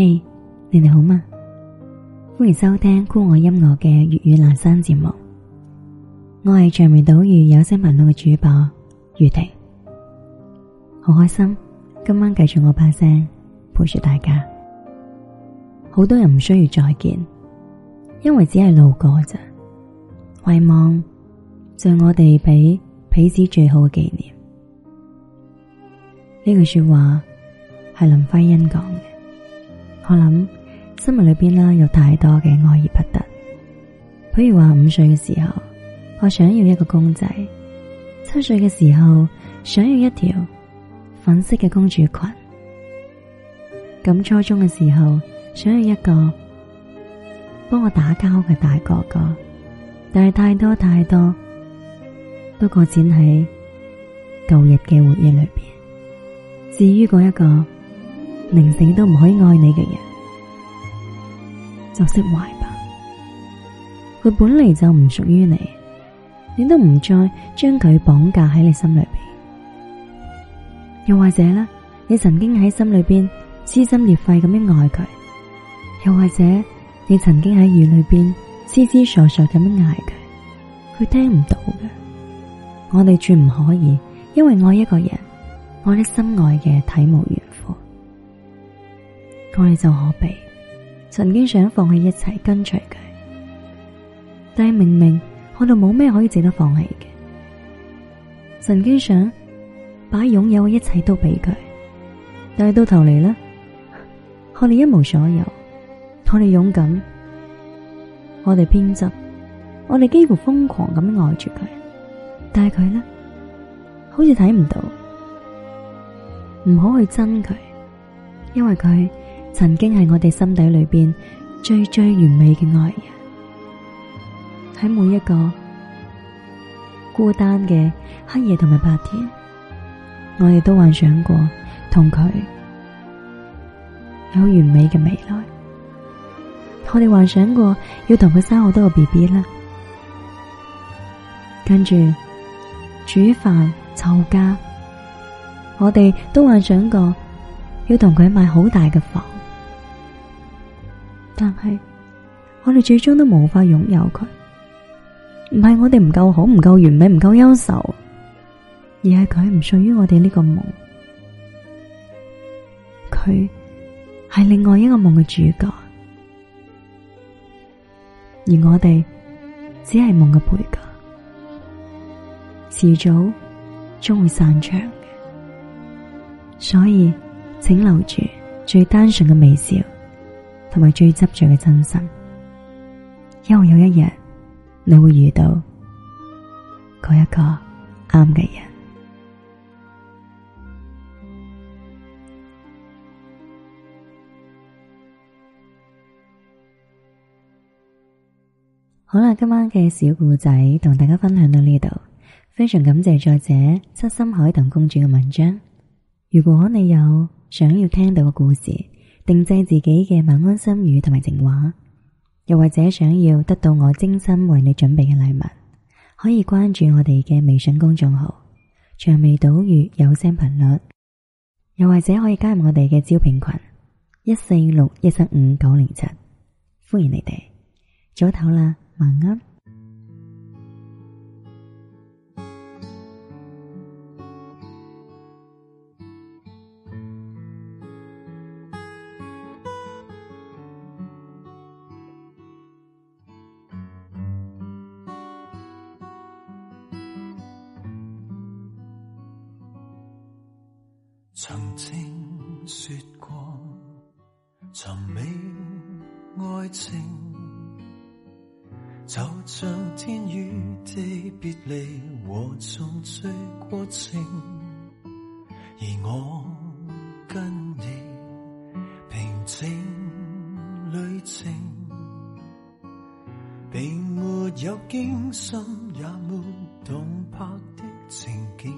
嘿，hey, 你哋好嗎？歡迎收聽酷我音樂嘅粵語南山節目，我係長尾島嶼有聲頻道嘅主播雨婷，好開心今晚繼續我把聲陪住大家。好多人唔需要再見，因為只係路過啫。遺忘，就係我哋俾彼此最好嘅紀念。呢句說話係林徽因講嘅。我諗，生活裏邊啦有太多嘅愛而不得，譬如話五歲嘅時候，我想要一個公仔；七歲嘅時候，想要一條粉色嘅公主裙；咁初中嘅時候，想要一個幫我打交嘅大哥哥。但係太多太多，不過展喺舊日嘅回憶裏邊。至於嗰一個。寧死都唔可以愛你嘅人，就釋懷吧。佢本嚟，就唔屬於你，你都唔再將佢綁架喺你心裏邊。又或者呢，你曾經喺心裏邊撕心裂肺咁樣愛佢，又或者你曾經喺雨裏邊痴痴傻傻咁樣嗌佢，佢聽唔到嘅。我哋絕唔可以因為愛一個人，愛你心愛嘅體無我哋就可悲，曾經想放棄一切跟隨佢，但係明明我哋冇咩可以值得放棄嘅，曾經想把擁有嘅一切都俾佢，但係到頭嚟咧，我哋一無所有。我哋勇敢，我哋偏執，我哋幾乎瘋狂咁愛住佢，但係佢咧好似睇唔到，唔好去憎佢，因為佢，曾經係我哋心底裏邊最最完美嘅愛人，喺每一個孤單嘅黑夜同埋白天，我哋都幻想過同佢有完美嘅未來。我哋幻想過要同佢生好多個 BB 啦，跟住煮飯湊家，我哋都幻想過要同佢買好大嘅房。但係，我哋最終都無法擁有佢，唔係我哋唔夠好，唔夠完美，唔夠優秀，而係佢唔屬於我哋呢個夢，佢係另外一個夢嘅主角，而我哋只係夢嘅配角，遲早終會散場嘅，所以請留住最單純嘅微笑，同埋最執着嘅真心，因為有一日你會遇到嗰一個啱嘅人。 好啦，今晚嘅小故仔同大家分享到呢度，非常感謝作者七心海棠公主嘅文章。如果你有想要聽到嘅故事。定製自己嘅晚安心語同埋情話，又或者想要得到我精心為你準備嘅禮物，可以關注我哋嘅微信公眾號《長尾島嶼有聲頻率》，又或者可以加入我哋嘅招聘群一四六一三五九零七，歡迎你哋。早唞啦，晚安。曾經說過，尋覓愛情，就像天與地別離和重聚過程。而我跟你平靜旅程，並沒有驚心，也沒動魄的情景，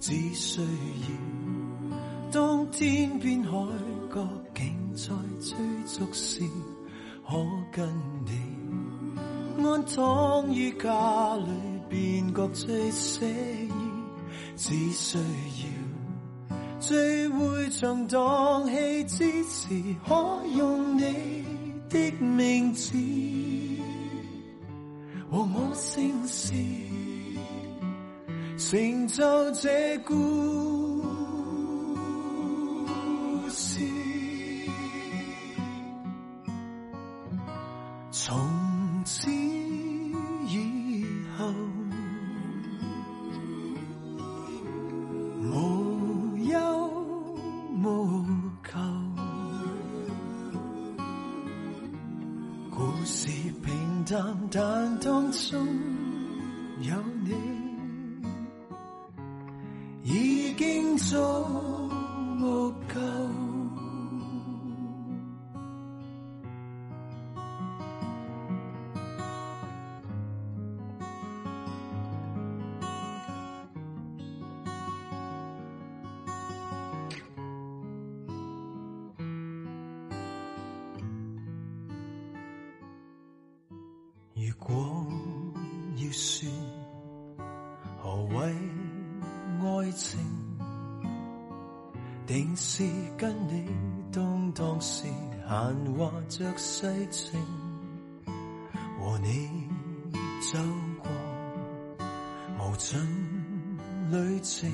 只需要。當天邊海角，竟在追逐時，可跟你安躺於家裏，便覺最適宜。只需要聚會唱黨戲之時，可用你的名字和我姓氏，成就這故事。淡，但當中有你，已經足夠。如果要説何謂愛情，定是跟你動盪時閒話著世情，和你走過無盡旅程，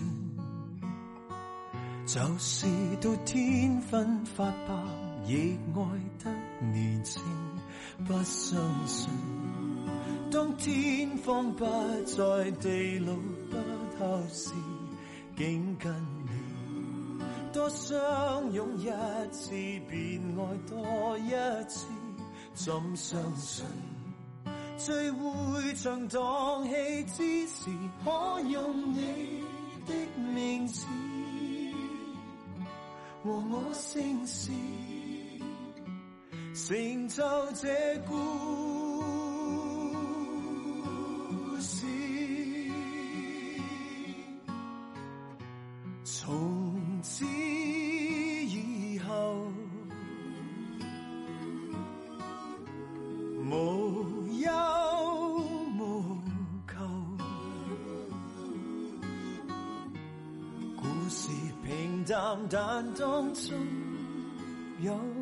就是到天昏發白。亦愛得年輕，不相信當天荒不再地老不透視，竟跟你多相擁一次，便愛多一次，怎相信最迴腸盪氣之時，可用你的名字和我姓氏。成就這故事，從此以後無憂無求，故事平淡但當中有。